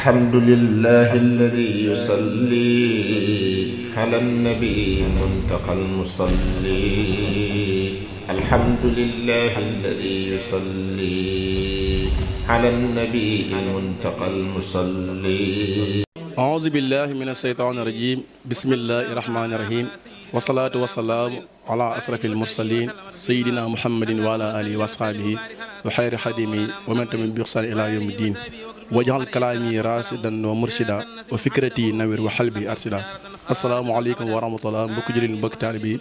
الحمد لله الذي يصلي على النبي منتقى المصلي الحمد لله الذي يصلي على النبي منتقى المصلي أعوذ بالله من الشيطان الرجيم بسم الله الرحمن الرحيم والصلاة والسلام على أشرف المرسلين سيدنا محمد وعلى آله وأصحابه وخير خدمه ومن تمن بيخسر إلى يوم الدين wajaxal kalaami raasidan wa murshida wa fikrati nawir wa xalbi arsida asalaamaaleykum wa rahmatullah mbokk jëlin mbokk taalib yi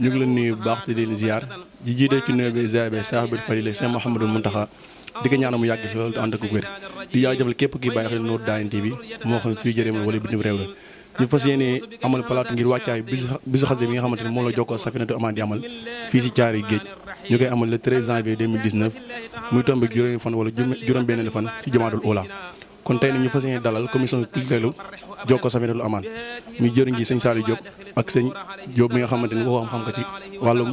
ñu ngi leen nuyu bu baax di leen ziar di jiite ci nuyoo bi ziar bi saaxibul fadila Sëñ Mouhamadou Mountakha di ko ñaanal mu yàgg fi loolu te ànd ak di jaajëfal képp ki bàyyi xel Nour Daayane TV moo xam fii jërëm wala bitim réew la ñu fas yéene amal palaatu ngir wàccaay bisu bisu bi nga xamante ne moom la jokkoo Safinatu Amaan di amal fii si caari géej ñu koy amal le 13 janvier 2019 muy tombé juróomi fan wala juróom-benn fan ci jamaadul ula kon tey nag ñu fas yéene dalal commission culturelle Jokko Safinatul Amaan muy jëriñ ji sëñ Saliou Diop ak sëñ Diop mi nga xamante ni ko xam xam ko ci wàllum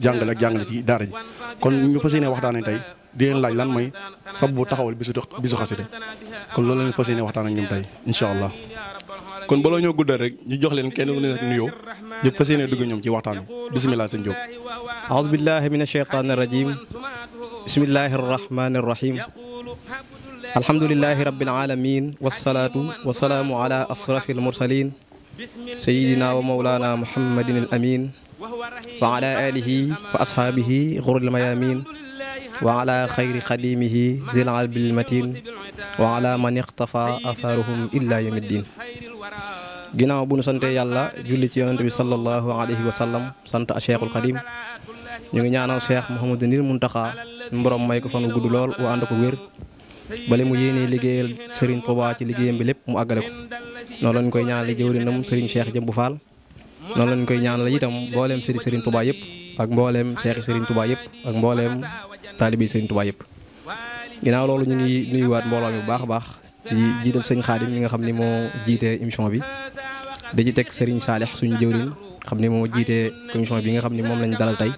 jàngale ak jàngale ci daara ji kon ñu fas yéene waxtaanee tey di leen laaj lan mooy sabu taxawal bi bisu xasida kon loolu la ñu fas yéene waxtaan ak ñoom tey incha allah. kon ba loñu guddal rek ñu jox leen kenn lu nuyo ñu fasiyene dug ñom ci waxtaan bismillah seigne job a'udhu billahi minash shaitani rajim bismillahir rahmanir rahim الحمد لله رب العالمين والصلاة والسلام على أشرف المرسلين سيدنا ومولانا محمد الأمين وعلى آله وأصحابه غر الميامين وعلى خير قديمه ذي العلب المتين وعلى من اقتفى أثارهم إلا يوم الدين ginnaaw bu nu santee yàlla julli ci yonent bi sallallahu alayhi wa sallam sant a cheikhul xadim ñu ngi ñaanal cheikh Mouhamadou Nil Muntaxa suñu borom may ko fan wu gudd lool wa ànd ko wér bale mu yéenee liggéeyal Serigne Touba ci liggéeyam bi lépp mu àggale ko noonu lañ koy ñaanal jëwrinam Serigne Cheikh Jëmbu Fall noonu lañ koy ñaanal itam mbooleem Serigne Serigne Touba yëpp ak mbooleem Cheikh Serigne Touba yëpp ak mbooleem taalibi Serigne Touba yëpp ginnaaw loolu ñu ngi nuyuwaat mbooloo mi baax a baax di jiital sëñ Xaadim nga xam ni moo jiite émission bi dañuy ci teg Serigne Saalix suñu jëwriñ xam ne moo jiite commission bi nga xam ne moom lañ dalal tey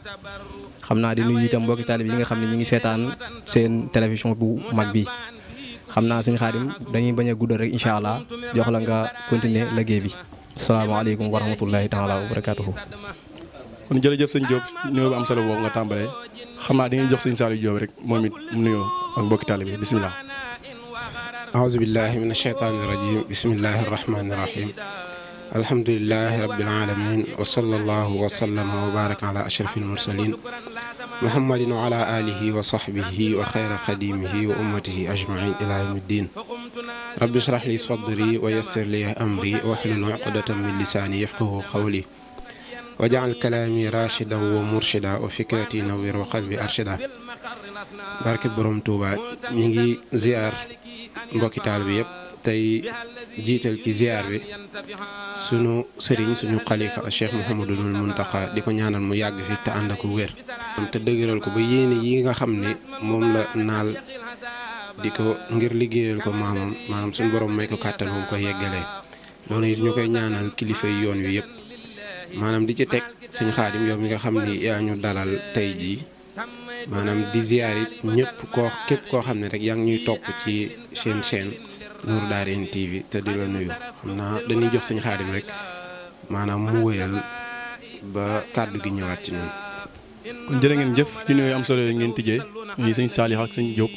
xam naa di nuyu itam mbokki taalib yi nga xam ne ñu ngi seetaan seen télévision bu mag bi xam naa sëñ Xaadim dañuy bañ a guddal rek incha allah jox la nga continuer liggéey bi. salaamaaleykum wa rahmatullahi taala wa barakaatuhu. kon jërëjëf sëñ Diop nuyoo bu am solo boobu nga tàmbalee xam naa dañuy jox sëñ Saliou Diop rek moom it mu nuyoo ak mbokki taalib bi أعوذ بالله من الشيطان الرجيم بسم الله الرحمن الرحيم الحمد لله رب العالمين وصلى الله وسلم وبارك على أشرف المرسلين محمد وعلى آله وصحبه وخير خديمه وأمته أجمعين إلى يوم الدين رب اشرح لي صدري ويسر لي أمري واحلل عقدة من لساني يفقه قولي وجعل كلامي راشدا ومرشدا وفكرتي نوير وقلبي أرشدا بارك بروم توبا نيجي زيار mbokki taal bi yépp tey jiital ci ziar bi sunu sëriñ suñu xalifa Cheikh Mouhamadul Mountakha di ko ñaanal mu yàgg fi te ànd ak wér. te dëgëral ko ba yéene yi nga xam ne moom la naal di ko ngir liggéeyal ko maamam maanaam suñu borom may ko kàttan moom ko yeggalee loolu it ñu koy ñaanal kilifa yi yoon wi yëpp maanaam di ci teg suñu xaadim yow mi nga xam ni yaa ñu dalal tey jii. maanaam di yi it ñëpp képp koo xam ne rek yaa ngi ñuy topp ci chaîne chaîne Nour Darayni TV te di la nuyu xam naa dañuy jox sëñ Xaadim rek maanaam mu wëyal ba kàddu gi ñëwaat ci ñun. kon jërë ngeen jëf ci nuyu am solo yi ngeen tijjee ñuy sëñ Saalix ak sëñ jóg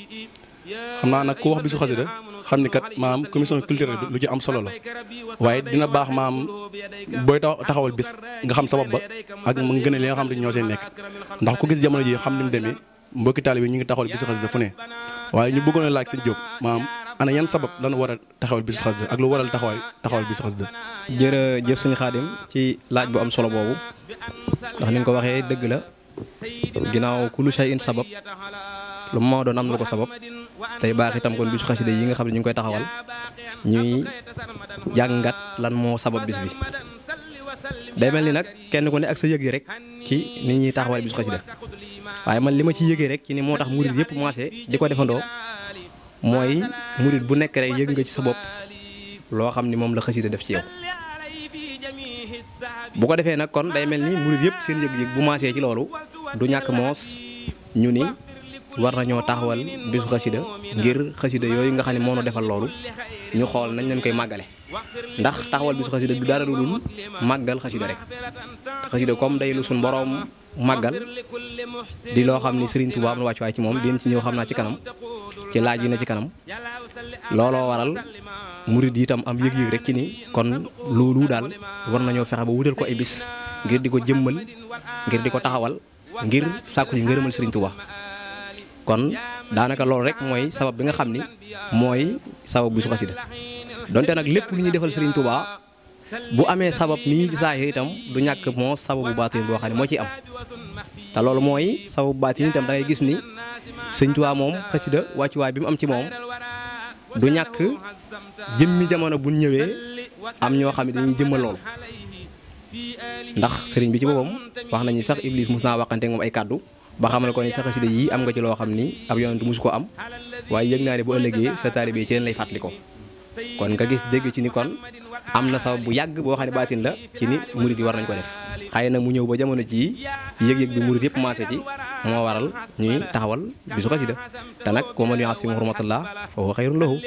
xam naa nag ku wax bi su xasida xam ni kat maam commission culturelle lu ci am solo la waaye dina baax maam booy taxawal bis nga xam sabab ba ak mu ngi a li nga xam ne ñoo seen nekk ndax ku gis jamono ji xam ni mu demee mbokki taalibe ñu ngi taxawal bisu xasida fu ne waaye ñu bëggoon laaj seen jóg maam ana yan sabab lan waral a taxawal bisu xasida ak lu waral taxawal taxawal bisu xasida jërëjëf suñu xaadim ci laaj bu am solo boobu ndax ni nga ko waxee dëgg la ginnaaw kullu shay'in sabab lu ma doon am lu ko sabab baax itam kon bisu xasida yi nga xam ne ñu ngi koy taxawal ñuy jàngat lan moo sabab bis bi day mel ni nag kenn ku ne ak sa yëg yi rek ci ni ñuy taxawal bisu xasida waaye man li ma ci yëgee rek ci ni moo tax murid yëpp commencé di ko defandoo mooy murid bu nekk rek yëg nga ci sa bopp loo xam ni moom la xasida def ci yow bu ko defee nag kon day mel ni murit yëpp seen yëg-yëg bu maasee ci loolu du ñàkk moos ñu ni war nañoo taxawal bisu xasida ngir xasida yooyu nga xam ne moo defal loolu ñu xool nañ leen koy màggale ndax taxawal bisu xasida du dara lu dul màggal xasida rek xasida comme day lu sun borom màggal di loo xam ni Serigne Touba am na wàccuwaay ci moom di ci ñëw xam naa ci kanam ci laaj yi na ci kanam looloo waral murid yi tam am yëg-yëg rek ci ni kon loolu daal war nañoo fexe ba wutal ko ay bis ngir di ko jëmmal ngir di ko taxawal ngir sàkku ci ngërëmal Serigne Touba kon danaka loolu rek moy sabab bi nga xamni moy sabab bu su xasida donte nak lepp lu ñuy defal Serigne Touba bu amé sabab ni ci saahir itam du ñak mo sabab bu batin bo xamni mo ci am ta loolu moy sabab batin itam da ngay gis ni Serigne Touba moom xasida wàccuwaay bi mu am ci mom du ñak jëmmi jamono bu ñëwé am ño xamni dañuy jëmmal lool ndax serigne bi ci wax nañu sax Iblis musna waqante waxante ay kaddu ba xamal ko ni sa xasida yi am nga ci loo xam ni ab yonent musu ko am waaye yëg naa ne bu ëllëgee sa taalibe ci leen lay fàttali kon nga gis dégg ci ni kon am na sabab bu yàgg boo xam ne baatin la ci ni murid yi war nañ ko def xëy na mu ñëw ba jamono ci yëg-yëg bi murid yëpp maase ci moo waral ñuy taxawal bisu xasida te nag wa man yuasim hurmatallah fa huwa xayrun lahu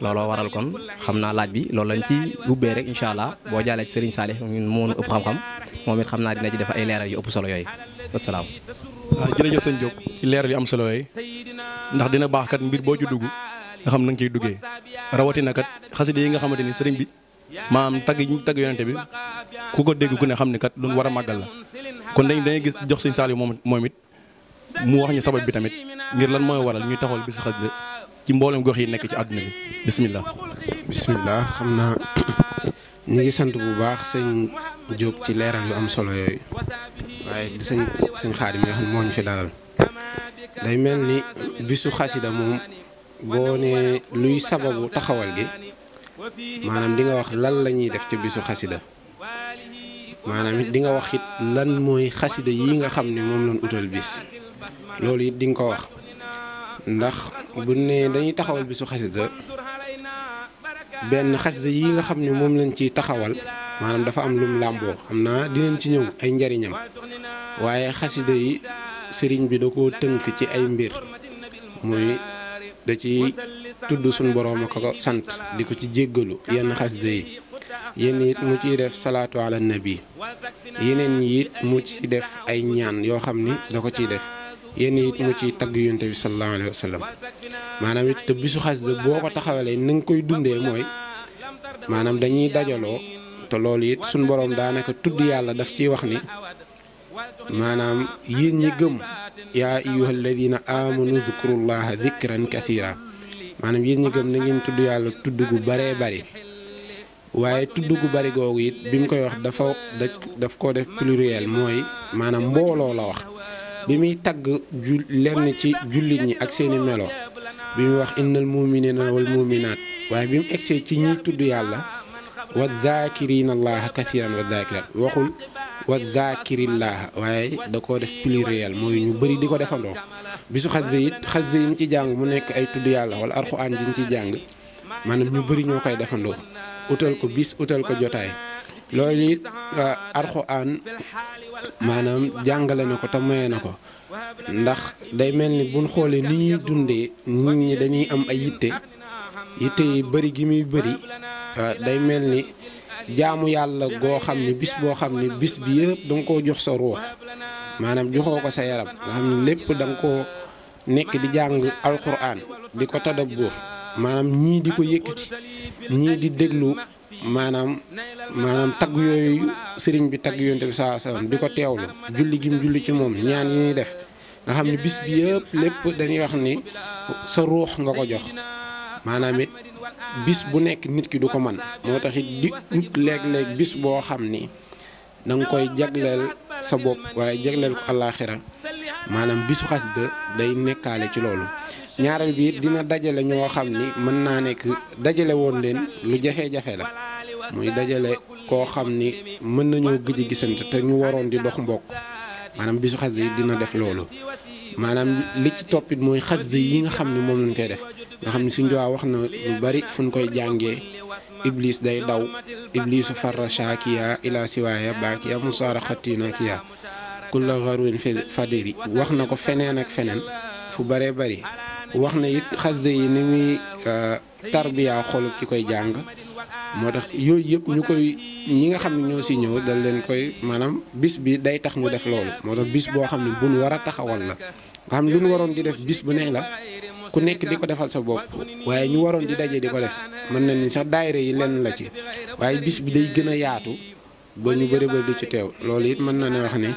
looloo waral kon xam naa laaj bi loolu lañ ci ubbee rek incha allah boo jaalee ci Serigne Saalih ñun moo ëpp xam-xam moom it xam naa dina ci def ay leeral yu ëpp solo yooyu waaw jërëjëf sëñ Diop ci leer yu am solo yooyu ndax dina baax kat mbir boo ci dugg nga xam na nga duggee rawatina kat xasida yi nga xamante ni sëriñ bi maanaam tagg yi ñu tagg yonente bi ku ko dégg ku ne xam ne kat lu war a màggal la kon dañ dañuy gis jox sëñ Saliou moom moom it mu wax ñu sabab bi tamit ngir lan mooy waral ñuy taxawal bisu xasida ci mboolem gox yi nekk ci àdduna bi bisimilah. bisimilah xam naa ñu ngi sant bu baax sëñ Diop ci leeral yu am solo yooyu. waaye di sëñ sëñ xaadim day mel ni bisu xasida moom boo ne luy sababu taxawal gi maanaam di nga wax lan la ñuy def ci bisu xasida maanaam it di nga wax it lan mooy xasida yi nga xam ne moom loon utal bis loolu it dinga ko wax ndax bu ne dañuy taxawal bisu xasida benn xasida yi nga xam ne moom lañ ci taxawal maanaam dafa am lum làmboo xam naa dinañ ci ñëw ay njariñam waaye xaside yi sëriñ bi da ko tënk ci ay mbir muy da ciy tudd suñ boroom ak ko sant di ko ci jéggalu yenn xasida yi yenn it mu ciy def salaatu ala nabi yeneen yit mu ciy def ay ñaan yoo xam ni da ko ciy def yéen it mu ci tagg yonte bi sallallahu alayhi wa sallam maanaam it te bisu xasida boo ko taxawalee na nga koy dundee mooy maanaam dañuy dajaloo te loolu it suñ boroom daanaka tudd yàlla daf ciy wax ni maanaam yéen ñi gëm yaa ayyuha alladina amanu dikrullaha dikran kathira maanaam yéen ñi gëm na ngeen tudd yàlla tudd gu baree bari waaye tudd gu bari googu it bi mu koy wax dafa daf ko def pluriel mooy maanaam mbooloo la wax bi muy tagg ju lenn ci jullit ñi ak seeni melo bi muy wax innal muminina wal muminat waaye bi mu egsee ci ñi tudd yàlla wa zaakirina allaha kathiran wa zaakirat waxul wa zaakirillaha waaye da koo def pluriel mooy ñu bëri di ko defandoo bisu xasde it xasde yiñ ci jàng mu nekk ay tudd yàlla wala arxuraan jiñ ci jàng maanaam ñu bëri ñoo koy defandoo utal ko bis utal ko jotaay loolu it ah, alxuraan maanaam jàngale na ko te maye na ko ndax day mel ni buñ xoolee ni ñuy dundee nit ñi dañuy am ay yitte yitte yi bëri gi muy bëri ah, day mel ni jaamu yàlla goo xam ni bis boo xam ni bis bi yëpp danga koo jox sa ruux maanaam joxoo ko sa yaram nga lépp danga koo nekk di jàng alxuraan di ko tadabbur maanaam ñii di ko yëkkati ñii di déglu maanaam maanaam tagg yooyu sëriñ bi tagg yonte bi saa salaam di ko teewlu julli gim julli ci moom ñaan yi ñuy def nga xam ne bis bi yëpp lépp dañuy wax ni sa ruux nga ko jox maanaam it bis bu nekk nit ki du ko man moo tax it di bis boo xam ni da nga koy jagleel sa bopp waaye jagleel ko àllaaxira maanaam bisu xasida day nekkaale ci loolu ñaareel bi dina dajale ñoo xam ni mën naa nekk dajale woon leen lu jafe-jafe la muy dajale koo xam ni mën nañoo gëj a gisante te ñu waroon di dox mbokk maanaam bisu xasida yi dina def loolu maanaam li ci toppit mooy xasida yi nga xam ni moom lañ koy def nga xam ni suñ jowa wax na lu bari fu ñu koy jàngee iblis day daw iblisu farasha kiya ila siwaaya baakiya musaara xatina kiya kulla fade fadiri wax na ko feneen ak feneen fu bare bari wax na it xasida yi ni muy euh, tarbiya xolub ci koy jàng moo tax yooyu yëpp ñu koy ñi nga xam ne ñoo si ñëw dal leen koy maanaam bis bi day tax ñu def loolu moo tax bis boo xam ne buñ war a taxawal la nga xam ne lu ñu waroon di def bis bu ne la ku nekk di ko defal sa bopp waaye ñu waroon di daje di ko def mën na ni sax daayira yi lenn la ci waaye bis bi day gën a yaatu ba ñu bëri ba du ci teew loolu it mën na ne wax ne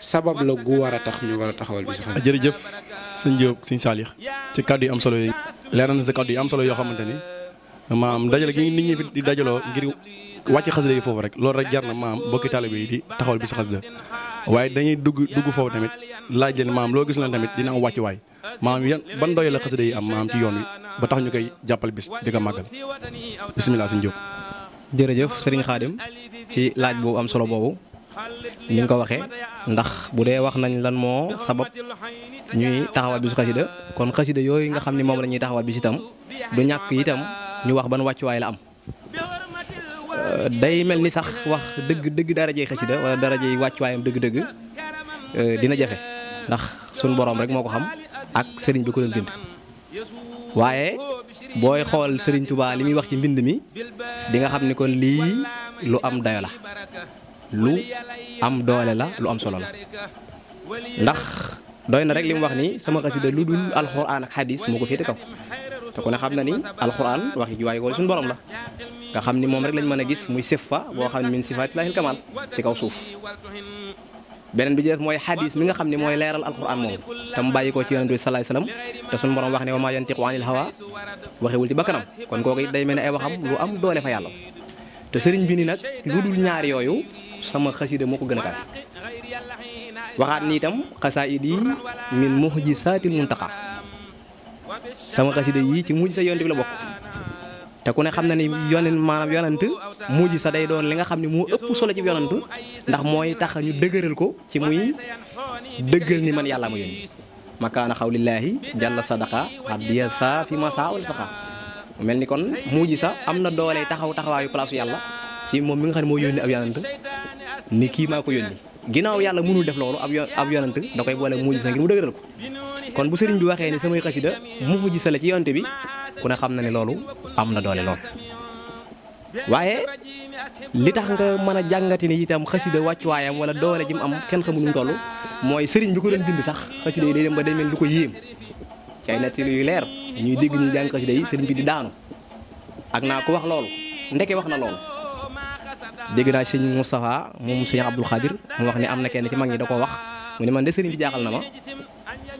sabab la gu war a tax ñu war a taxawal bis. jërëjëf. sëñ Diop sëñ Saalix ci kàddu yu am solo yi leeral na sa kàddu yu am solo yoo xamante ni maam dajale gi nit ñi fi di dajaloo ngir wàcc xasida yi foofu rek loolu rek jar na maam bokki taalibe yi di taxawal bi si xasida waaye dañuy dugg dugg foofu tamit laaj leen maam loo gis lan tamit dina am wàcc waay maam yan ban doy la xasida yi am maam ci yoon wi ba tax ñu koy jàppal bis di ko màggal bisimilah sëñ Diop. jërëjëf Serigne Khadim ci laaj boobu am solo boobu ni nga ko waxee ndax bu dee wax nañ lan moo sabab ñuy taxawal bisu xasida kon xasida yooyu nga xam ne moom la ñuy taxawal bis itam du ñàkk itam ñu wax ban wàccuwaay la am day mel ni sax wax dëgg dëgg daraje xasida wala darajey wàccuwaayam dëgg-dëgg euh, dina jafe ndax sun borom rek moo ko xam ak sëriñ bi ko leen bind waaye booy xool sëriñ Touba li muy wax ci mbind mi di nga xam ni kon lii lu am dayo la lu am doole la lu am solo la ndax doy na rek li mu wax ni sama xasida lu dul alxuraan ak xadis moo ko féete kaw te ku ne xam na ni alxuraan waxi ji waaye wala suñu borom la nga xam ni moom rek lañ mën a gis muy fa boo xam ne min sifaatillahil kamal ci kaw suuf beneen bi ci def mooy xadis mi nga xam ne mooy leeral alxuraan moom te mu bàyyi ko ci yonent bi salaay salaam te suñu borom wax ne wa maa yantiqu anil hawa waxewul ci kanam kon kooku it day mel ne ay waxam lu am doole fa yàlla te sëriñ bi ni nag lu dul ñaar yooyu sama xasida moo ko gën a waxat ni tam xasaayid min muhjisati muntaqa sama xasida yi ci mujj sa yonent bi la bok ta ku ne xamna ni yonen manam yonent mujj day don li nga xamni mo upp solo ci yonent ndax moy tax ñu degeural ko ci muy dëggal ni man yàlla ma maka makaana khawlillahi jalla sadaqa abdiya fa fi masaul faqa melni kon mujj amna doole taxaw taxawaayu place yalla ci mom mi nga xam mo yoni ab ni ginaaw yàlla mënul def loolu ab yonent nanti, da koy boole mujj sa ngir mu dëgëral ko kon bu sëriñ bi waxee ni samay xasida mu mujj sa la ci yonte bi ku ne xam na ne loolu am na doole lool waaye li tax nga mën a jàngati ni itam xasida wàccuwaayam wala doole jim am kenn xamul mu tollu mooy sëriñ bi ko doon bind sax xasida yi day dem ba demel lu ko yéem ci ay nettali yu leer ñuy dégg ñu jàng xasida yi sëriñ bi di daanu ak naa ko wax loolu ndeke wax na loolu dégg naa sëñ Moustapha moom sëñ Abdul Khadir, mu wax ni am na kenn ci mag ñi da ko wax mu ne man de sëriñ bi jaaxal na ma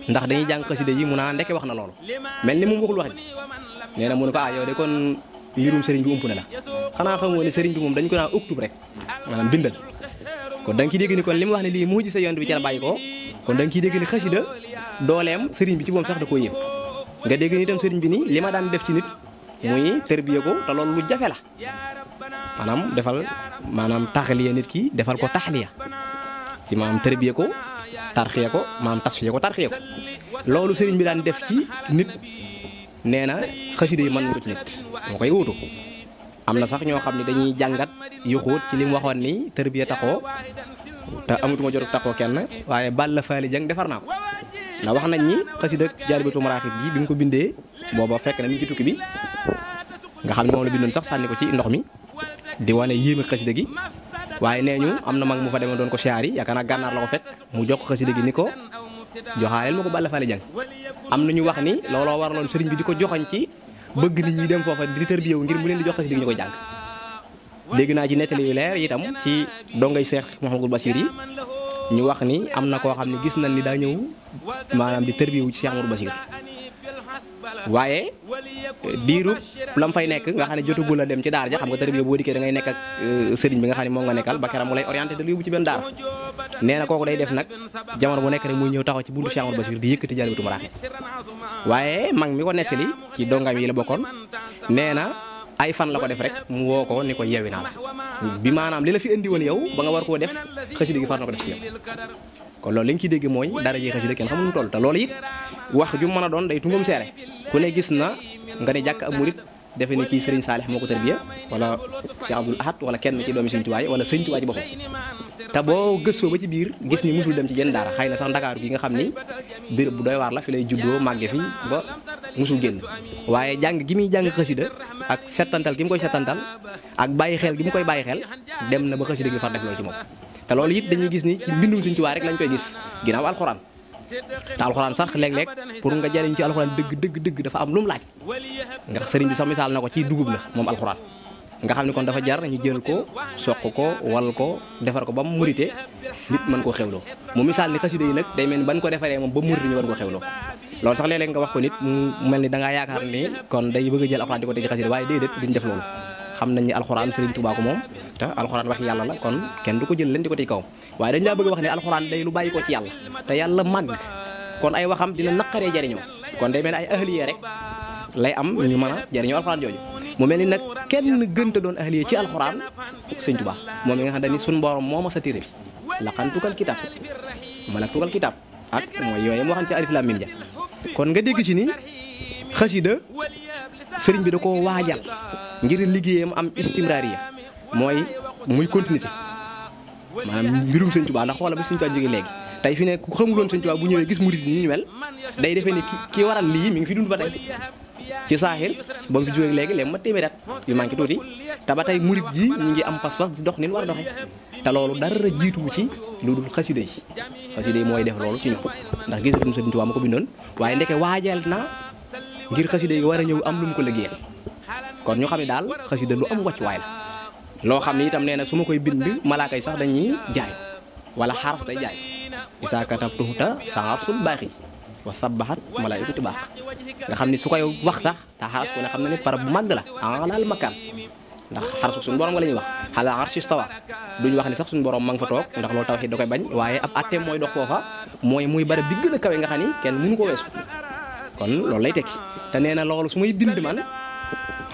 ndax dañuy jàng de yi mu naa ndeke wax na loolu mel ni moom waxul wax ji nee na mu ne ko ah yow de kon mbirum sëriñ bi ump na la xanaa xamoo ne sëriñ bi moom dañ ko naan octobre rek maanaam bindal kon da nga dégg ni kon li wax ne lii mu ci sa yont bi ci la bàyyi ko kon da nga dégg ni xasida dooleem sëriñ bi ci moom sax da koo yëpp nga dégg ni itam sëriñ bi ni li daan def ci nit muy ko te loolu lu jafe la manam defal manam taxaliya nit ki defal ko taxliya ci manam tërbiya ko tarxiya ko manam tasfiya ko tarxiya ko lolou serigne bi dan def ci nit nena na man yi ko ci nit moo koy wuutu am sax ño xamni dañuy jangat yu xoot ci lim waxon ni tërbiya taxo ta amutuma jot taxo kenn waye Balla Faali jang defar nako na wax nañ ni xasida jaribatu maraaxib bi bi ko bindé bobo fekk na mi ngi ci tukki bi nga xamni mo la bindon sax sanni ko ci ndox mi di wane yéeme xasida gi waaye nee ñu am na mag mu fa demee doon ko siyaar yi yaakaar naa gànnaar la ko fekk mu jox xasida gi ni ko joxaaleel ma ko Balla Fally Dieng am na ñu wax ni looloo waraloon sëriñ bi di ko joxañ ci bëgg nit ñuy dem foofa di tërbiyewu ngir mu leen di jox xasida gi ñu ko jàng dégg naa ci nettali yu leer itam ci dongay Seex Mouhamadul Bachir yi ñu wax ni am na koo xam ne gis nañ ni daa ñëw maanaam di tërbiyewu ci Seex Mouhamadul Bachir waye dirup lam fay nek nga xamne jotu la dem ci dar ja xam nga tarbiya bo dikkee da ngay nek ak euh, serigne bi nga xamne mo nga nekkal bakaram lay orienter da lu ci ben dar nee koku day def nak jamar bu nek rek muy ñew taxaw ci buntu Cheikh Omar basir di yëkkati tu maraax waye mag mi ko nettali ci dongam yi la bokon nee ay fan la ko def rek mu wo ko ni ko bi manam li fi indi won yow ba nga war ko def xasida gi far ko def ci yow li dara ken xamul ñu toll ta lolou yi wax ju mëna doon day tungum séré ku ne gis na nga ne jakk ab murit defe ni ki Serigne Salih moko tarbiya wala Cheikh abdul Ahad wala kenn ci doomi Serigne Touba wala Serigne Touba ci bokkum ta bo gëstoo ba ci bir gis ni musul dem ci genn dara xayna sax dakar gi nga xamni bir bu doy war la fi lay juddo magge fi ba musul génn waye jang gi mi jang khassida ak setantal gi mi koy setantal ak bàyyi xel gi mi koy bàyyi xel dem na ba khassida gi fa def lo ci mom ta yit dañuy gis ni ci mbindum Serigne Touba rek lañ koy gis ginaaw alcorane te nah, alxuraan sax leg leg, pour nga jariñ ci alquran deug deug deug dafa am lum laaj nga sëriñ bi sax misaal nako ci dugub la mom alquran nga xamni kon dafa jar ñu jël ko sokko ko wal ko defar ko ba mu murité nit man ko xewlo mu misal ni xasida yi nak day mel ban ko defare mom ba mur ñu war ko xewlo lool sax léeg nga wax ko nit mu melni da nga yaakar ni kon day bëgg jël alquran di tej teg waye dedet waaye duñ def lool xam nañ ni alquran serigne touba ko mom ta alquran wax yalla la kon kenn du ko jël len diko ko tey kaw waye dañ la bëgg wax ni alquran day lu bayiko ci yalla te yalla mag kon ay waxam dina nakare jariñu kon day mel ni ay ahliye rek lay am ñu mëna jariñu alquran joju mu melni nak kenn gënta doon ahliye ci alquran señ tuba mom nga xam ne borom moma sa téere bi laqantukal kitaab malaktukal kitaab ak mooy yooyu mu waxan ci alif laam miim ja kon nga deg ci ni xasida sëriñ bi da koo waajal ngir liggéeyam am istimrariya mooy muy continuité maanaam mbirum sëñ Tuubaa ndax xoola ba sëñ Tuubaa jógee léegi tey fi ne ku xamul woon sëñ bu ñëwee gis murid ni ñu mel day defee ne ki waral lii mi ngi fi dund ba tey ci saaxil ba mu fi jógee léegi léegi ma téeméer yi yu manqué tuuti te ba tey murid yi ñu ngi am pas-pas di dox ni war a doxee te loolu dara jiituwu ci lu dul xasida yi xasida yi mooy def loolu ci ñoom ndax gisatuñu sëñ Tuubaa ma ko bindoon waaye ndeke waajal na ngir xasida yi war a ñëw am lu ko liggéeyal kon ñu xam ne daal xasida lu am wàccuwaay la lo xamni itam neena suma koy bind malaaka yi sax dañuy jaay wala xaras day jaay katabtu ta sahasul baaxi wa sabahat malaikatu baax nga xamni su koy wax sax ta xaras ko ne ni par bu mag la alal makan, ndax xarsu suñu borom nga la wax xala arshi stawa duñ wax ni sax suñu borom mang fa tok ndax lo tawhid da koy bañ waye ab atte moy dox fofa moy muy barab digg na kawé nga xani ni kenn mënu ko weesu kon lolou lay tek te neena lolou su bind man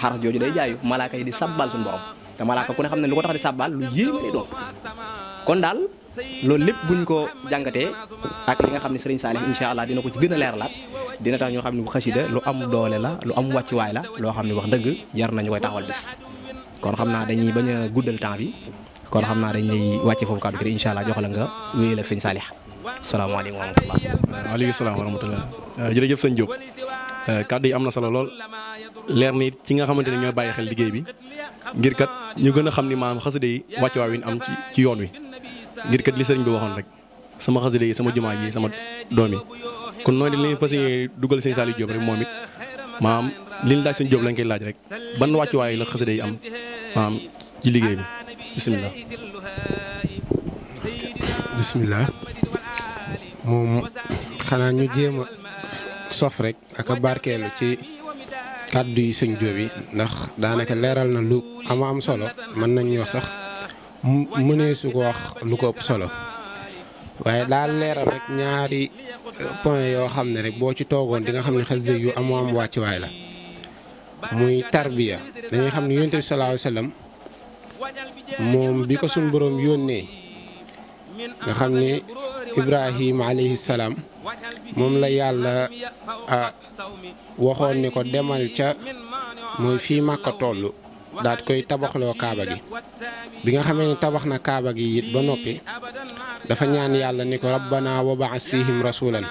xaras joju day jaayu malaaka yi di sabbal suñu borom te malaaka ku ne xamne lu ko tax di sàbbaal lu yéeme do kon dal loolu lepp buñ ko jangate ak li nga xamne serigne salih inshallah dina ko ci gëna leer lat dina tax ñoo xamne bu xasida lu am doole la lu am way la lo xamne wax deug yar nañ koy taxawal bis kon xamna dañuy baña guddal temps bi kon xamna naa dañ lay wàcce foofu kàddu gi inshallah joxal nga jox ak serigne salih assalamu alaykum wa rahmatullah wa rahmatulah. waaleykum salaam wa rahmatulah jërëjëf serigne Diop kaddu yi amna solo lol leer ni ci nga xamanteni ne baye xel liggey bi ngir ñu gën a xam ni maanaam xasida yi wàccuwaay wi ñu am ci ci yoon wi ngir kat li sëriñ bi waxoon rek sama xasida yi sama jumaa yi sama doom yi kon noonu li ñu fas yéene dugal sëñ Saliou Diop rek moom it maanaam li ñu laaj sëñ Diop lañ koy laaj rek ban wàccuwaay la xasida yi am maanaam ci liggéey bi bisimilah. bisimilah moom xanaa ñu jéem a sof rek ak barkeelu ci. kàddu yi sëñ Jóob yi ndax daanaka leeral na lu am am solo mën nañu wax sax mënee su ko wax lu ko ëpp solo waaye daal leeral rek ñaari euh, point yoo xam ne rek boo ci toogoon di nga xam ne xasida yu amoo am wàcc waay la muy tarbiya dañuy xam ne yonent bi salaaw alayhi wasallam moom bi ko suñ boroom yónnee nga xam ne Ibrahima alayhi salaam moom la yàlla ah, waxoon ni ko demal ca mooy fii màkk toll daat koy tabaxloo kaaba gi bi nga xamee ni tabax na kaaba gi it ba noppi dafa ñaan yàlla ni ko rabbana wa baas fihim rasulan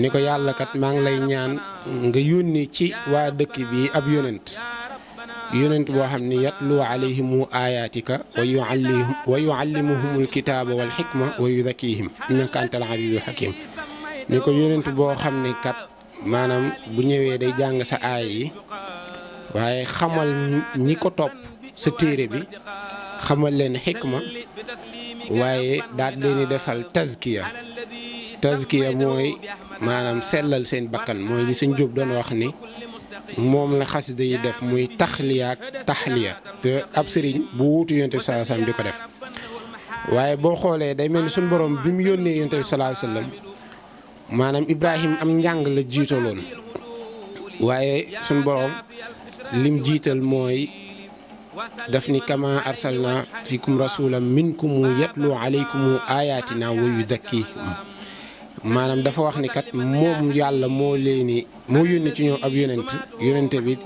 ni ko yàlla kat maa ngi lay ñaan nga yónni ci waa dëkk bi ab yónent yonent boo xam ne yatlu alayhimu ayatika wa yuallihum wa yuallimuhumul kitaaba wal xikma wa yuzakkihim innaka antal azizul hakim ni ko yonent boo xam ne kat maanaam bu ñëwee day jàng sa aaya yi waaye xamal ñi ko topp sa téere bi xamal leen xikma waaye daat leen defal tazkiya tazkiya mooy maanaam sellal seen bakkan mooy li sëñ Jóob doon wax ni mom la xasida yi def muy taxliya ak te ab serigne bu wutu yunus sallallahu alayhi wasallam diko def waye bo xolé day mel sun borom bi mu yónnee yonte bi salaa salaam maanaam Ibrahim am njàng la jitalon waye sun borom lim jital moy daf ni kama arsalna fikum rasulan minkum yatlu alaykum ayatina wa yuzakkikum maanaam dafa wax ni kat moom yàlla moo leeni moo yónni ci ñoom ab yonent yonente bi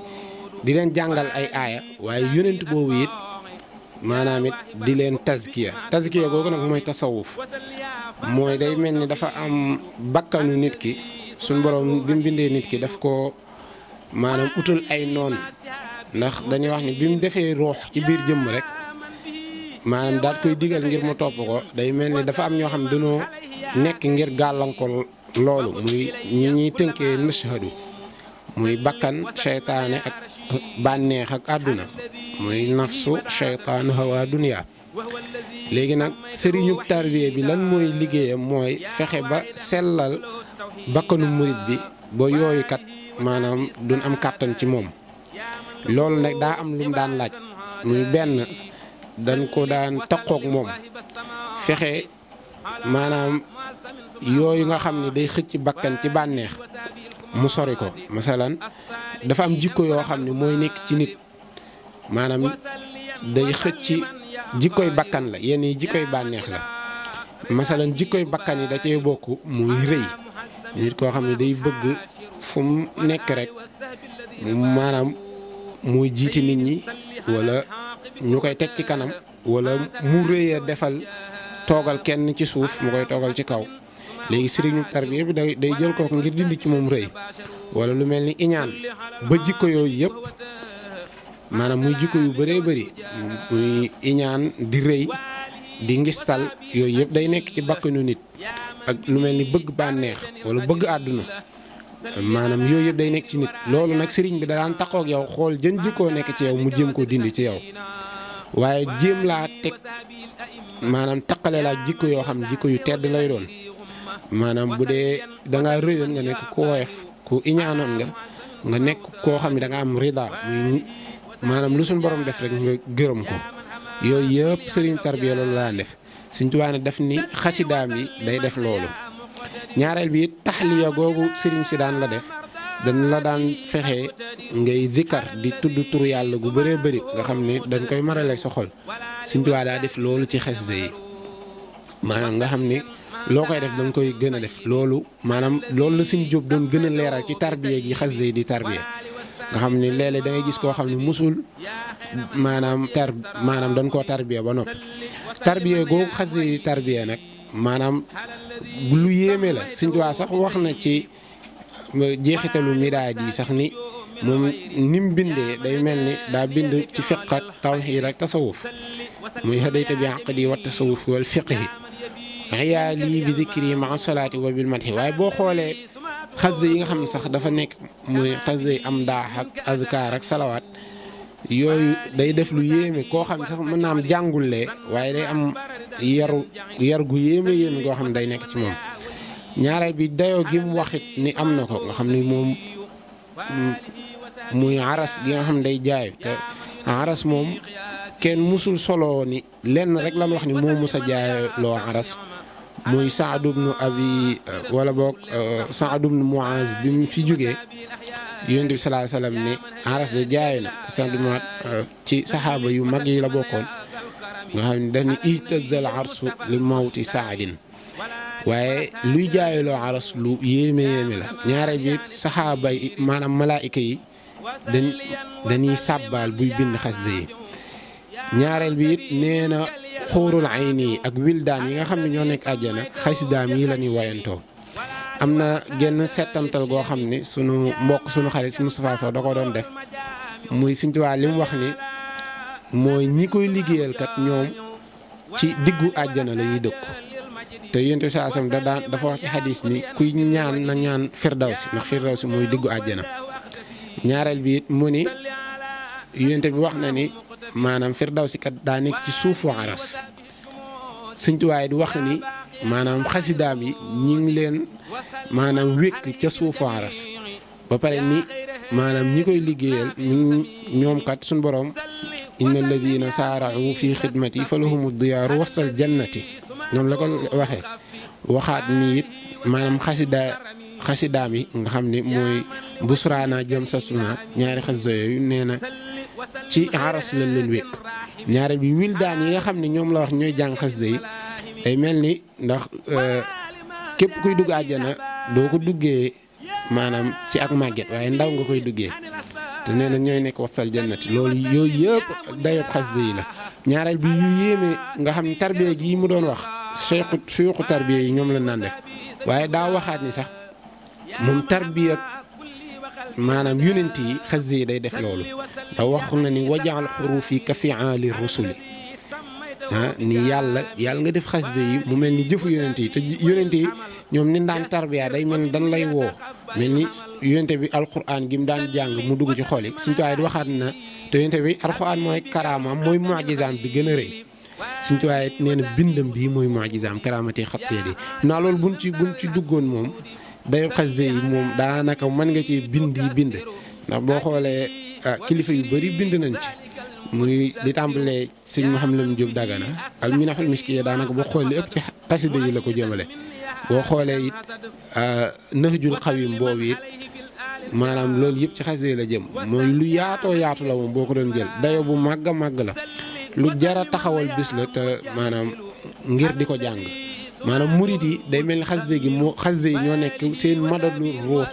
di leen jàngal ay aaya waaye yonent boobu it maanaam it di leen tazkiya tazkiya googu nag mooy tasawuf mooy day mel ni dafa am bakkanu nit ki suñ borom bi mu bindee nit ki daf ko maanaam utal ay noonu ndax dañuy wax ni bi mu defee ruux ci biir jëmm rek maanaam daal koy digal ngir mu topp ko day mel ni dafa am ñoo xam dañoo nekk ngir gàllankoor loolu muy ñi ñuy tënkee mashhadu muy bakkan seytaane ak bànneex ak àdduna muy nafsu seytaan hawa dunia léegi nag sëriñub tarbiya bi lan mooy liggéeyam mooy fexe ba sellal bakkanu murit bi ba yooyukat maanaam duñ am kàttan ci moom loolu nag daa am lu daan laaj muy benn dañ ko daan taqoog moom fexe maanaam yooyu nga xam ni day xëcc bakkan ci bànneex mu sori ko masalan dafa am jikko yoo xam ni mooy nekk ci nit maanaam day xëcc jikkoy bakkan la yenn yi jikkoy bànneex la masalan jikkoy bakkan yi da cee bokk muy rëy nit koo xam ne day bëgg fum nekk rek maanaam muy jiiti nit ñi walla ñu koy teg ci kanam wala mu rëy defal toogal kenn ci suuf mu koy toogal ci kaw léegi sëriñu tarbiya bi day day jël kooku ngir dindi ci moom rëy wala lu mel ni iñaan ba jikko yooyu yëpp maanaam muy jikko yu bëree bëri muy iñaan di rëy di ngistal yooyu yëpp day nekk ci bakkanu nit ak lu mel ni bëgg bànneex wala bëgg àdduna maanaam yooyu yëpp day nekk ci nit loolu nag sëriñ bi da daan taxoo yow xool jën jikkoo nekk ci yow mu jéem koo dind ci yow waaye jéem laa teg maanaam taqale laa jikko yoo xam jikko yu tedd lay doon maanaam bu dee da ngaa nga nekk ku woyof ku iñaanoon nga nga nekk koo xam ne danga nga am rida muy maanaam lu suñ borom def rek nga gërëm ko yooyu yëpp sëriñ tarbiya loolu laa def Sëriñ Tuubaa ne def ni xasidaam yi day def loolu ñaareel bi taxliya googu sëriñ si daan la def dañ la daan fexe ngay zikkar di tudd tur yàlla gu bëree bëri nga xam ne dañ koy maraleeg sa xol Sëriñ daa def loolu ci xasida yi loo koy def da koy gën a def loolu maanaam loolu la suñ jób doon gën a leeral ci tarbiya gi xasida yi di tarbiya nga xam ni léeg-léeg da ngay gis koo xam ne mosul maanaam tar maanaam dañ koo tarbiya ba noppi tarbiya googu xasida yi di tarbiya nag maanaam lu yéeme la suñ waa sax wax na ci jeexitalu midaaj yi sax ni moom ni mu bindee day mel ni daa bind ci fiq ak tawxiid ak tasawuf muy hadayta bi aqdi wa tasawuf wal fiqhi yaa lii bi dikri ma salaati wa bil madhi waaye boo xoolee xasida yi nga xam ne sax dafa nekk muy xasida yi am daax ak azkaar ak salawaat yooyu day def lu yéeme koo xam ne sax mën naa am jàngulee waaye day am yaru yar gu yéeme yéeme goo xam ne day nekk ci moom ñaareel bi dayoo gi mu waxit ni am na ko nga xam ni moom muy aras gi nga xam ne day jaayu te aras moom kenn musul solo ni lenn rek lan wax ni moo mus a jaayoo loo aras muy Saad ibn Abi wala boog Saad ibn Muaz bi mu fi jógee yonent bi sallallahu alayhi wasallam ne aras de jaay na te Saad ibn Muaz ci saxaaba yu mag yi la bokkoon nga xam ne dañu itazal arsu li mawti saadin waaye luy jaayaloo aras lu yéeme yéeme la ñaare bi saxaaba yi maanaam malaayika yi dañ dañuy sàbbaal buy bind xasida yi ñaareel bi it nee na xuurul ayni ak wildaan yi nga xam ne ñoo nekk àjjana xasidaam yi la ñuy wayantoo am na genn settantal goo xam ni sunu mbokk sunu xarit si Moustapha da ko doon def muy Sëñ Tuubaa li wax ni mooy ñi koy liggéeyalkat ñoom ci diggu àjjana la ñuy dëkk te yonent bi saa da daan dafa wax ci xadis ni kuy ñaan na ñaan firdawsi ndax mooy diggu àjjana ñaareel bi mu ni yonent bi wax na ni maanaam firdawsi kat daa nekk ci suufu aras Sëñ Tuubaa di wax ni maanaam xasidaam yi ñi ngi leen maanaam wékk ca suufu aras ba pare ni maanaam ñi koy liggéeyal ñoom kat suñ borom inna alladina saaraxu fi xidmati fa lahumu diyaaru sa jannati ñoom la ko waxee waxaat ni it maanaam xasida xasidaam yi nga xam ni mooy busraana jëm sa suna ñaari xasida yooyu na ci aras lañ leen wékk ñaare bi wildaan yi nga xam ne ñoom la wax ñooy jàng xasida yi day mel ni ndax euh, képp kuy dugg àjjana doo ko duggee maanaam ci ak màgget waaye ndaw nga koy duggee te nee na ñooy nekk wasal jannati loolu yooyu yëpp dayob xas yi la ñaareel bi yu yéeme nga xam ne tarbiya gi mu doon wax suyuxu tarbiya yi ñoom la naan def waaye daa waxaat ni sax moom tarbiya maanaam yonent yi xasida day def loolu da wax na ni wajaal xuruuf yi ka fiaali rusuli ah ni yàlla yàlla nga def xasida yi mu mel ni jëfu yonent yi te yonent yi ñoom ni daan tarbiya day mel dañ lay woo mel ni yonent bi alquran gi mu daan jàng mu dugg ci xol yi suñ tuwaay di waxaat na te yonent bi alquran mooy karaamam mooy mucjizaam bi gën a rëy suñ tuwaay nee na bindam bi mooy mucjizaam karaamati xatiyat yi naa loolu buñ ci buñ ci duggoon moom dayu xasida yi moom daanaka mën nga ci bind yi bind ndax boo xoolee ah, kilifa yu bari bind nañ ci muy di tàmbalee sëñ Mouhamadou Diop Dagana alminaxul miskiya daanaka boo xoolee ëpp ci xasida yi la ko jëmale boo xoolee it ah, nahjul xawim boobu it maanaam loolu yëpp ci xasida yi la jëm mooy lu yaatoo yaatu la moom boo ko doon jël dayo bu màgg a màgg la lu jara taxawal bis la te maanaam ngir di ko jàng maanaam murit yi day mel ni xasida gi moo xasida yi ñoo nekk seen madalu ruux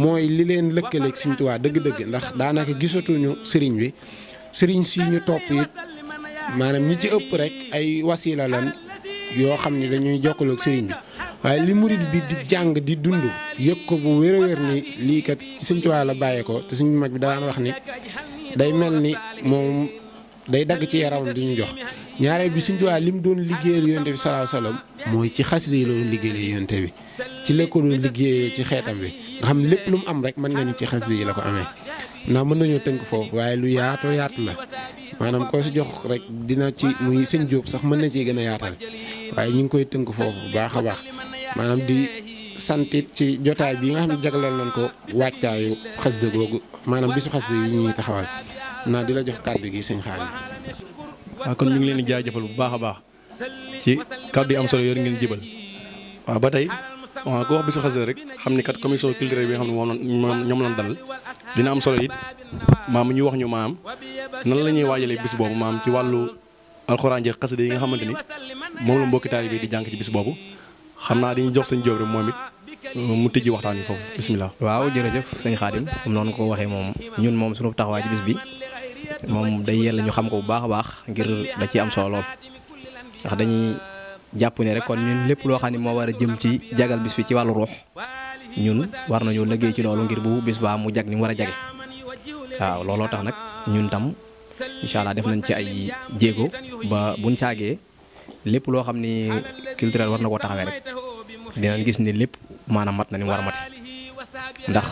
mooy li leen lëkkaleeg Sëriñ Tuubaa dëgg-dëgg ndax daanaka gisatuñu sëriñ bi sëriñ si ñu topp it maanaam ñi ci ëpp rek ay wasila yoo xam ne dañuy jokkaloo ak sëriñ bi waaye li murit bi di jàng di dund yëg ko bu wér a wér ni lii kat Sëriñ la bàyyee ko te suñu mag bi daan wax ni day mel ni moom day dagg ci yaram di ñu jox ñaareel bi Sëñ Tuubaa li mu doon liggéeyal yonte bi salaa salaam mooy ci xasida yi la doon yonte bi ci la ko liggéeyee ci xeetam bi nga xam lépp lu mu am rek mën nga ni ci xasida yi ko amee ndax mën nañoo tënk foofu waaye lu yaatoo yaatu la maanaam koo si jox rek dina ci muy sëñ Jóob sax mën nañ ciy gën a yaatal waaye ñu ngi koy tënk foofu baax a baax maanaam di santit ci jotaay bi nga xam ne jagleel nañ ko wàccaayu xasida googu maanaam bisu xasida yi ñuy taxawal na di la jox kaddu gi seen xaar waaw ah, kon ñu ngi leen di jaajëfal bu baax a baax ci kaddu yi am solo yor ngeen jibal waaw ah, ba tey waaw ko wax bisu xasida rek xam ni kat commission culturelle bi nga xam ne moom ñoom lañ dal dina am solo it maam ñu wax ñu maam nan la ñuy waajalee bis boobu maam ci wàllu alxuraan ji xasida yi nga xamante ni moom la mbokki taalibe bi di jànk ci bis boobu xam naa dañuy jox seen Jóob rek moom it euh, mu tijji waxtaan yi foofu bisimilah. waaw jërëjëf sëñ Xaadim noonu ko waxee moom ñun moom sunu taxawaay ci bis bi. moom day yella ñu xam ko bu baax a baax ngir da ciy am solo lool ndax dañ jàpp ne rek kon ñun lépp loo xam ne moo war a jëm ci jagal bis bi ci wàllu ruux ñun war nañoo liggéey ci loolu ngir bu bis baa mu jag ni mu war a jage waaw looloo tax nag ñun tam incha allah def nañ ci ay jéego ba buñ caagee lépp loo xam ni culturel war na koo taxawee rek dinañ gis ni lépp maanaam mat na ni mu war a mate ndax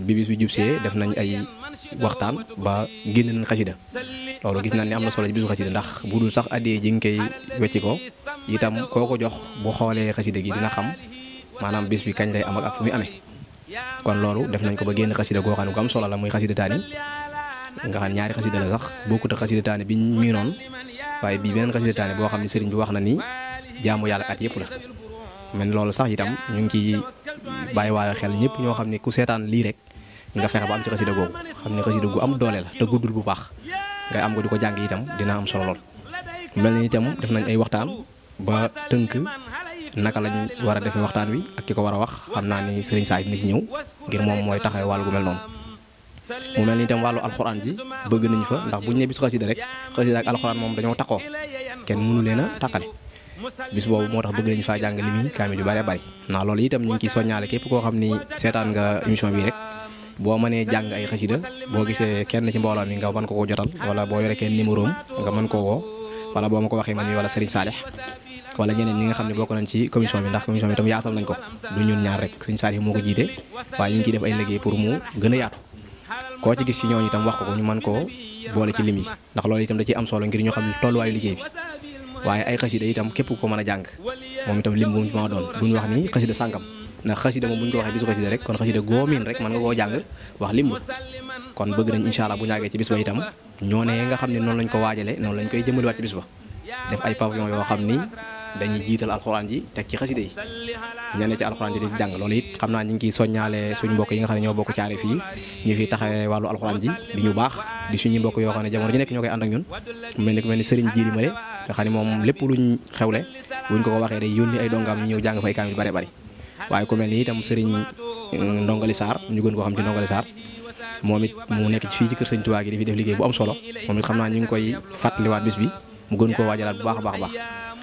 Bibis bi jub see ya, def nañ ay waxtaan ba génn nañ xasida loolu gis naa ne am na solo ci bisu xasida ndax bu dul sax addee ji nga koy ko itam koo ko jox bu xoolee xasida gi dina xam maanaam bis bi kañ lay am ak fu muy amee kon loolu def nañ ko ba génn xasida goo xam ne ko am solo la muy xasida taani nga xam ñaari xasida la sax bokkut ak xasida taani bi mi non waaye bi beneen xasida taani boo xam ne sëriñ bi wax na ni jaamu yàlla at yëpp la man loolu sax itam ñu ngi bàyyi waale xel ñëpp ñoo xam ne ku seetaan lii rek nga fexe ba am ci xasida googu xam ne xasida gu am doole la te guddul bu baax ngay am ko di ko jàng itam dina am solo lool. mel ni itam def nañ ay waxtaan ba tënk naka lañ war a defee waxtaan wi ak ki ko war a wax xam naa ni sëriñ saa dina ci ñëw ngir moom mooy taxawee wàll gu mel noonu. mu mel ni itam wàllu alxuraan ji bëgg nañ fa ndax buñ ne bis xasida rek xasida ak alxuraan moom dañoo taxoo kenn mënu leen a bis bobu motax bëgg nañu faa jàng li muy kaamil yu bari bari na loolu itam ñu ngi ciy soññaale képp koo xam ni seetaan nga émission bi rek boo mënee jàng ay xasida boo gisee kenn ci mbooloo mi nga mën ko ko jotal wala boo yore kenn numéro nga mën ko woo wala boo ma ko waxee man mi wala Serigne Saleh wala ñeneen ñi nga xam ne bokk nañ ci commission bi ndax commission bi tam yaatal nañ ko du ñun ñaar rek Serigne Salih moo ko jiite waaye ñu ngi ciy def ay liggéey pour mu gën a yaatu koo ci gis ci ñooñu itam wax ko ko ñu mën koo boole ci limi ndax loolu itam da ci am solo ngir ñu xam tolluwaayu liggéey bi waaye ay xasida itam képp ko mën a jàng moom itam lim bu mu ma doon duñu wax ni xasida sàngam ndax xasida moom bu ñu ko waxee bisu xasida rek kon xasida goomin rek mën nga koo jàng wax lim kon bëgg nañ incha allah bu ñaagee ci bis itam ñoo ne nga ne noonu lañ ko waajale noonu lañ koy jëmaliwaat ci bis ba def ay pavillon yoo xam ni dañuy jiital alxuraan ji teg ci xasida yi ñeneen ci alxuraan ji di jàng loolu it xam naa ñu ngi ciy soññaale suñu mbokk yi nga xam ne ñoo bokk caare fii ñu fi taxawee wàllu alxuraan ji di ñu baax di suñu mbokk yoo xam ne jamono ñoo koy ànd ak ñun mel ni ku nga xam ne moom lépp luñ xewle buñ ko ko waxee day yónni ay dongam ñu ñëw jàng fay kaamil bare bari waaye ku mel ni itam sëriñ mm, ndongali Sarr moom it mu nekk fii ci kër sëriñ gi di def liggéey bu am solo moom it xam naa ñu ngi koy fàttaliwaat bis bi mu gën koo waajalaat bu baax a baax baax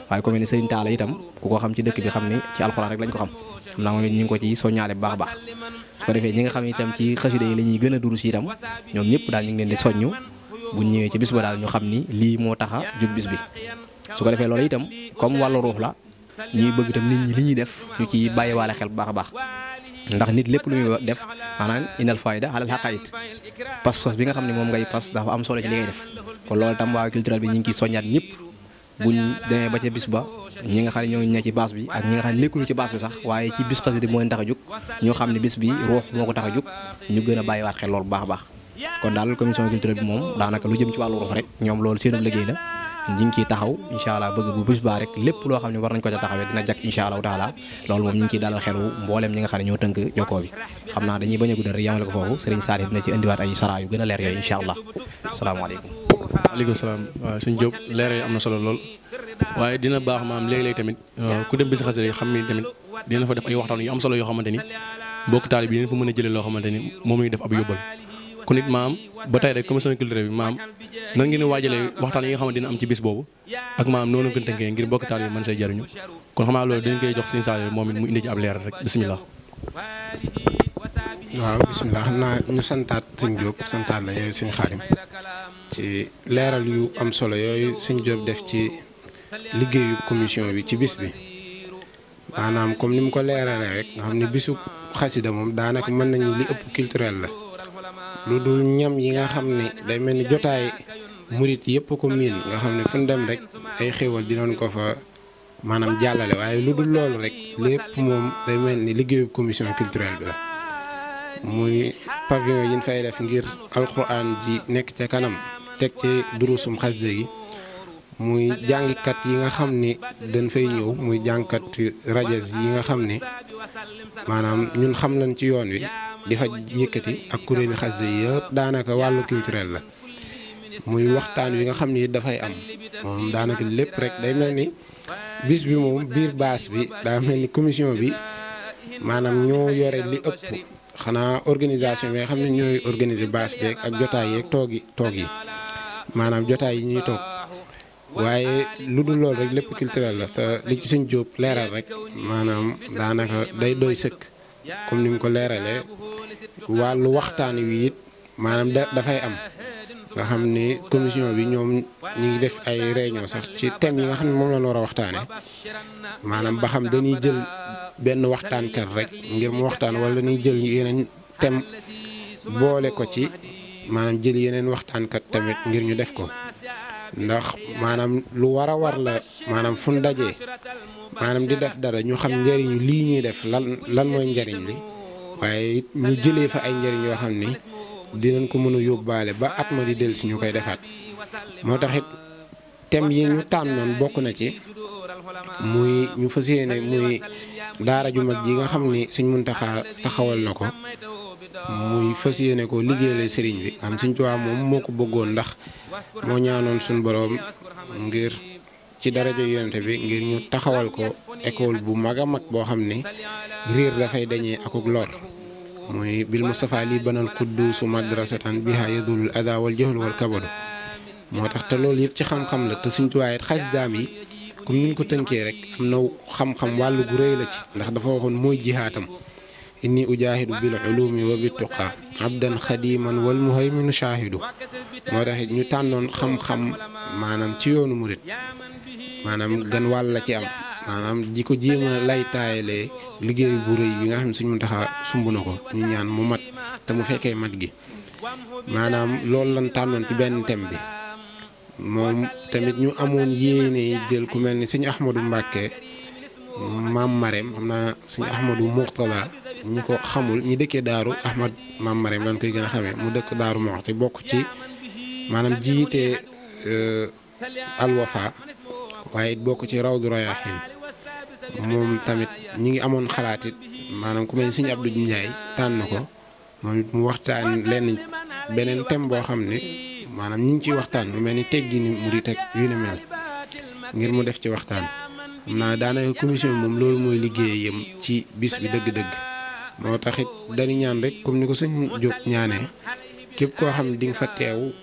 waaye ku mel ni sëriñ Taala itam ku ko xam ci dëkk bi xam ni ci alxuraan rek lañ ko xam xam naa moom it ñu ngi ko ci soññaale baax a baax su ko defee a ñu ngi bu ñëwé ci bis ba dal ñu xam ni li mo taxa juk bis bi su ko defee loolu itam comme walu ruh la ñi bëgg itam nit ñi li ñi def ñu ci bàyyiwaale xel bu baax baax ndax nit lepp lu muy def manan inal fayda alal xaqaayit pas-pas bi nga xam ne moom ngay pas dafa am solo ci li ngay def ko loolu tam wa cultural bi ñu ngi soñat soññaat ñëpp buñ ba ca bis ba ñi nga xam ñoo ñe ci bi ak ñi nga xam ne ci bas bi sax waye ci bis xasidi di mo tax a jug ñu xam ni bis bi roh moko ko ñu gëna a bàyyiwaat xel bu baax baax kon daal commission culturelle bi moom daanaka lu jëm ci wàllu ruux rek ñoom loolu seenum liggéey la ñi ngi taxaw incha allah bëgg bu bés baa rek lépp loo xam ne war nañ ko ca taxawee dina jak incha allahu taala loolu moom ñi a guddal rek a leer na baax maam léeg-léeg tamit euh, ku dem bi si xasida yoo xamante ni mbokk taalib yi dina fa mën a jëlee ni moom lañu def ab yóbbal kon it maam ba tey rek commission culturelle bi maam nan ngeen di waajalee waxtaan yi nga xam ne dina am ci bis boobu ak maam noonu gën tënkee ngir mbokk taal yi mën see jariñu kon xam naa loolu dañ koy jox seen saal moom it mu indi ci ab leeral rek bisimilah. waaw bisimilah xam naa ñu santaat sëñ Diop santaat la yooyu sëñ Xaadim ci leeral yu am solo yooyu sëñ Diop def ci liggéeyu commission bi ci bis bi maanaam comme ni mu ko leeralee rek nga xam ne bisu xasida moom daanaka mën nañu li ëpp culturel la. lu dul ñam yi nga xam ne day mel ni jotaay murit yëpp ko miin nga xam ne fu ñu dem rek ay di dinañ ko fa maanaam jàllale waaye lu dul loolu rek lépp moom day mel ni liggéeyu commission culturelle bi la. muy pavillon yi fay def ngir alxuraan ji nekk ca kanam teg ci durusum xasida gi muy jàngikat yi nga xam ni dañ fay ñëw muy jàngkat rajas yi nga xam ni maanaam ñun xam nañ ci yoon wi di fa yëkkati ak kuréeli xasida yëpp daanaka wàllu culturel la muy waxtaan wi nga xam ni dafay am moom daanaka lépp rek day mel ni bis bi moom biir baas bi daa mel ni commission bi maanaam ñoo yore li ëpp xanaa organisation bi nga xam ne ñooy organise baas beeg ak jotaay yeeg toog yi toog yi maanaam jotaay yi ñuy toog waaye lu dul loolu rek lépp culturel la te li ci sëñ Jóob leeral rek maanaam daanaka day doy sëkk comme ni mu ko leeralee wàllu waxtaan wi it maanaam da dafay am nga xam ni commission bi ñoom ñu ngi def ay réunion sax ci thèmes yi nga xam ne moom la ñu war a waxtaanee maanaam ba xam dañuy jël benn waxtaankat rek ngir mu waxtaan wala dañuy jël yeneen thème boole ko ci maanaam jël yeneen waxtaankat tamit ngir ñu def ko. ndax maanaam lu war a war la maanaam fu ñu dajee maanaam di def dara ñu xam njëriñu lii ñuy def lan lan mooy njariñ li waaye ñu jëlee fa ay njëriñ yoo xam ni dinañ ko mën a yóbbaale ba at ma di del si ñu koy defaat moo taxit it thème yi ñu tànnoon bokk na ci muy ñu fas yéene muy daara ju mag ji nga xam ni Sëñ mun taxawal na ko muy fas yéene ko liggéeyale sëriñ bi am suñ tuwaa moom moo ko bëggoon ndax moo ñaanoon suñ boroom ngir ci daraja yonente bi ngir ñu taxawal ko école bu mag a mag boo xam ne riir dafay dañee akuk lor muy bil Mustafa li banal kuddusu madrasatan biha yadulul ada adaawal jahlu wal kabadu moo tax te loolu yëpp ci xam-xam la te suñ tuwaa xas daam yi comme niñ ko tënkee rek am na xam-xam wàllu gu rëy la ci ndax dafa waxoon mooy jihaatam inni ujaahidu bil ulumi wa bit tuqa abdan xadiman wal muhayminu shaahidu moo tax ñu tànnoon xam-xam maanaam ci yoonu murit maanaam gan wàll la ci am maanaam ji ko jéem lay taayalee liggéey bu rëy bi nga xam ne suñu taxa sumb na ko ñu ñaan mu mat te mu fekkee mat gi maanaam loolu lan tànnoon ci benn thème bi moom tamit ñu amoon yéene jël ku mel ni sëñ Ahmadou mbàkke maam Marème xam naa sëñ Ahmadou Mourtala ñi ko xamul ñi dëkkee daaru ahmad mam marim lan koy gën a xamee mu dëkk daaru moxti bokk ci maanaam jiite euh, alwafa waaye bokk ci rawdu rayaxin moom tamit ñi ngi amoon xalaat it maanaam ku mel sëñ abdou ndiaye tànn ko moom mu waxtaan lenn beneen tem boo xam ne maanaam ñi ngi ci waxtaan mu mel ni teggi mu di teg yu ne mel ngir mu def ci waxtaan xam naa daanaka commission moom loolu mooy liggéeyam ci bis bi dëgg-dëgg moo tax it dañu ñaan rek comme ni ko sëñ Diop ñaanee képp koo xam ne di fa teew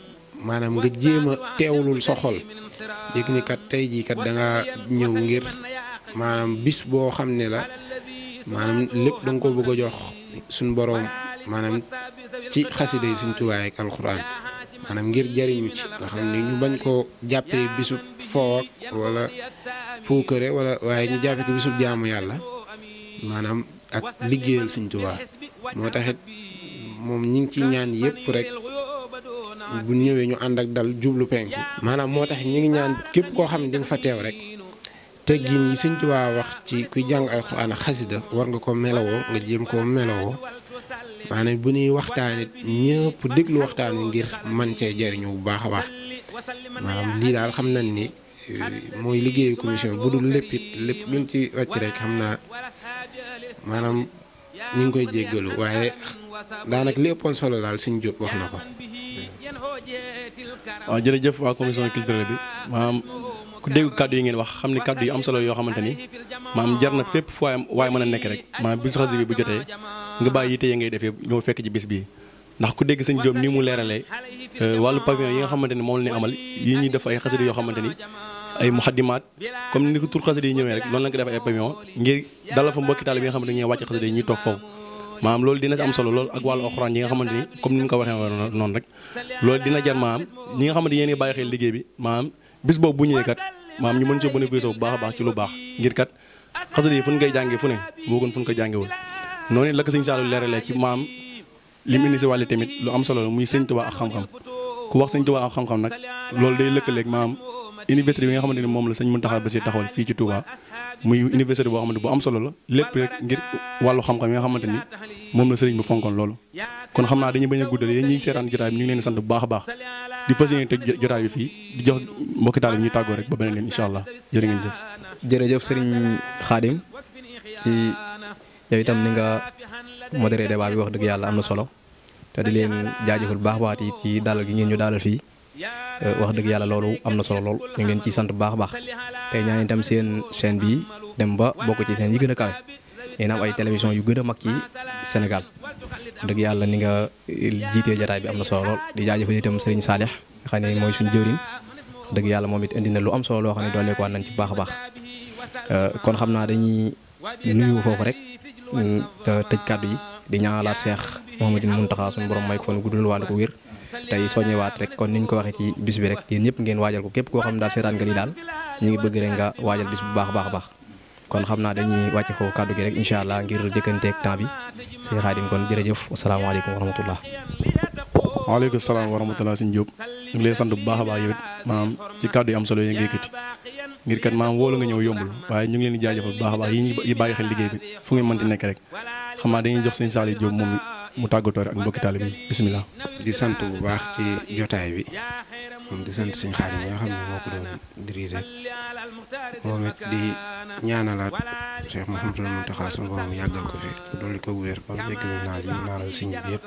maanaam nga jéem a teewlul sa xol yëg tey jii kat da ñëw ngir maanaam bis boo xam ne la maanaam lépp da ko bëgg a jox suñ boroom maanaam ci xasida yi Sëñ Tuubaa ak alxuraan maanaam ngir jariñu ci nga xam ne ñu bañ koo jàppee bisu foo ak wala puukare wala waaye ñu jàppee ko bisu jaamu yàlla maanaam ak liggéeyal Sëñ Tuubaa moo taxit moom ñi ngi ciy ñaan yépp rekk bu ñëwee ñu ànd ak dal jublu penku maanaam moo tax ñi ngi ñaan képp koo xam ne di fa teew rek teggin yi Sëñ wax ci kuy jàng xasida war nga ko melawoo nga jéem koo melawoo maanaam bu ñuy waxtaan it déglu waxtaan wi ngir man cee jariñu bu baax a baax maanaam lii daal xam na ni eh, mooy liggéeyu commission bu dul lépp it lépp luñ ci wàcc rek xam naa maanaam ñu ngi koy jéggalu waaye daanak li ëppoon solo daal suñ jóob wax na ko. waaw jërëjëf waa commission culturelle bi maanaam ku dégg kàddu yi ngeen wax xam ni kàddu yi am solo yoo xamante ni maam jar na fépp am waaye mën a nekk rek maanaam bisu xasida bi bu jotee nga bàyyi yitte yi ngay defee ñoo fekk ci bis bi ndax ku dégg sëñ Diop nii mu leeralee euh, wàllu pavillon yi nga xamante ni moom la ñuy amal yi ñuy def ay xasida yoo xamante ni ay muxaddimaat comme ni ko tur xasida yi ñëwee rek noonu lañ ko def ay pavillon ngir dalal fa mbokki taal ne ñooy wàcc xasida yi ñuy toog foofu maanaam loolu dina si am solo loolu ak wàllu alxuraan yi nga xamante ñu ko waxee noonu rek loolu dina jar maanaam ñi nga xamante yéen bàyyi xel liggéey bi maanaam bis boobu bu ñëwee kat maanaam ñu mën cee bénéficier baax a baax ci lu baax ngir kat xasida fu ñu koy jàngee fu ne moo ñu ko jàngewul noonu la ko sëñ Saalu leeralee ci maam li mu indi si wàlli tamit lu am solo la muy sëñ Tuubaa ak xam-xam ku wax sëñ Tuubaa ak xam-xam nag loolu day lëkkaleeg maam université bi nga xamante ne moom la sëñ ba Bassir taxawal fii ci Touba muy université boo xamante bu am solo la lépp rek ngir wàllu xam-xam yi nga xamante ni moom la sëriñ bi fonkoon loolu kon xam naa dañu bañ a guddal yéen ñiy seetaan jotaay bi ñu ngi leen sant bu baax a baax di fas yéene teg jotaay bi fii di jox mbokki taal bi ñuy tàggoo rek ba beneen leen incha allah jërë ngeen jëf jërëjëf sëriñ Khadim ci yow itam ni nga modéré débat bi wax dëgg yàlla am na solo te di leen jaajëfal baax waat ci dalal gi ngeen ñu dalal fii Eh, wax deug yalla lolu amna solo lol ñu ngi ci sante sant bu baax baax tey ñaan itam seen chaîne bi dem ba bokku ci seen yi gëna a kawe am ay télévision yu gëna a mag ci Sénégal deug yalla ni nga eh, jité jotaay bi amna solo lol di jaajeuf itam Serigne salih nga moy suñu jëriñ deug yalla momit indi na lu am solo lo xam doole ko nañ ci baax baax eh, kon xamna dañuy nuyu fofu rek mm, te tëj kàddu yi di ñaanal Cheikh mohamedine muntaha suñu borom may ko fa nu guddul ko wir tey soññewaat rek kon niñ ko waxe ci bis bi rek yeen ñep ngeen waajal ko kep ko xam da setan nga ni daal ñu ngi bëgg rek nga waajal bis bu baax baax baax kon xamna dañuy wàcce ko kaddu gi rek inshallah ngir jëkënte ak temps bi sey khadim kon jërëjëf alaykum wa rahmatullah alaykum assalam wa rahmatullah sëñ Diop ngi lay sant bu baax baax yow it ci kaddu yi am solo ngay nga ngir kat maam wóolu nga ñew yombul waye ñu ngi leen di jaajëfal bu baax baax yi ñi bàyyi xel liggéey bi fu ngeen mënti nekk rek xamna dañuy jox sëñ salih Diop mom mu tàggatoore ak mbokki taalibe yi di sant bu baax ci jotaay bi moom di sant sëñ Xaadim bi nga xam ne moo ko doon dirigé moom it di ñaanalaat Cheikh yàggal ko fi dolli ko wér ba mu yeggali bi yëpp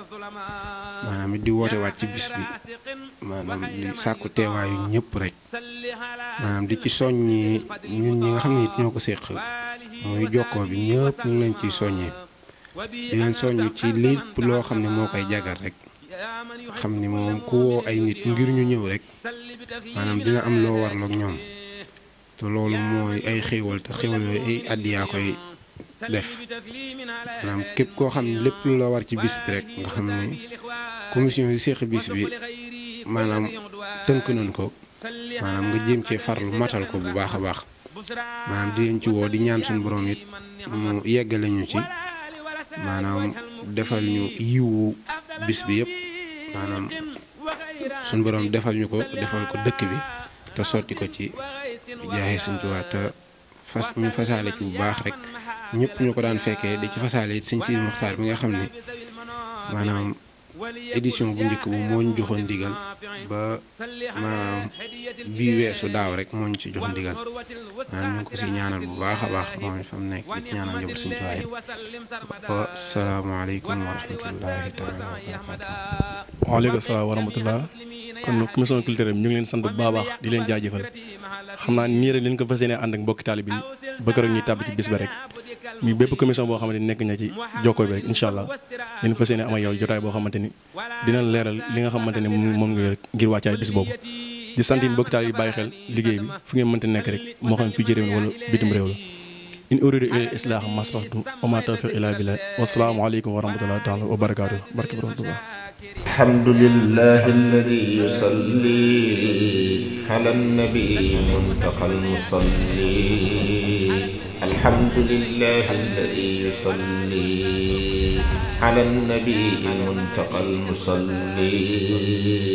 maanaam it di woote waat ci bis bi maanaam di sàkku teewaayu ñëpp rek maanaam di ci soññi ñun ñi nga xam ne ñoo ko séq muy jokkoo bi ñëpp ñu ngi leen ciy soññee. di leen soññ ci lépp loo xam ne moo koy jagar rek xam ni moom ku woo ay nit ngir ñu ñëw rek maanaam dina am loo warloog ñoom te loolu mooy ay xéewal te xéewal yooyu ay addiyaa koy def maanaam képp koo xam ne lépp lu la war ci bis bi rek nga xam ne commission yi séq bis bi maanaam tënk nañ ko maanaam nga jéem cee farlu matal ko bu baax a baax maanaam di leen ci woo di ñaan suñu borom it mu yeggale ñu ci maanaam defal ñu yiwu bis bi yëpp maanaam suñ borom defal ñu ko defal ko dëkk bi te sotti ko ci jaaxe Sëñ Tuubaa te fas ñu fasaale ci bu baax rek ñëpp ñu ko daan fekkee di ci fasaale it Sëñ Sidi Muxtaar bi nga xam ne maanaam édition bu njëkk bu moo ñu joxoon ndigal ba maanaam bii weesu daaw rek moo ñu ci jox ndigal maanaam ñu ngi ko si ñaanal bu baax a baax moom fa mu nekk di ñaanal njabootu suñu tuwaay wa salaamaaleykum wa rahmatullahi taala wa barakaatu. waaleykum salaam wa rahmatullah kon commission culturelle ñu ngi leen sant bu baax baax di leen jaajëfal xam naa nii rek leen ko fas yéene ànd ak mbokki taalibe bi ba keroog ñuy tàbb ci rek. mi bépp commission boo xamante ni nekk na ci jokkoo bi rek incha allah dina fas yéene ama yow jotaay boo xamante ni dina leeral li nga xamante ni moom nga rek ngir wàccaay bis boobu di sant yi yi bàyyi xel liggéey bi fu ngeen mënta nekk rek moo xam fi jëré wala bitim réew la in uridu ila islah masratu wa ma tawfiq ila billah wasalaamu aleykum wa rahmatullahi taala wa barakatuh barke borom Tuubaa alhamdulillahi alladi yusalli ala nabi الحمد لله الذي يصلي على النبي المنتقى المصلي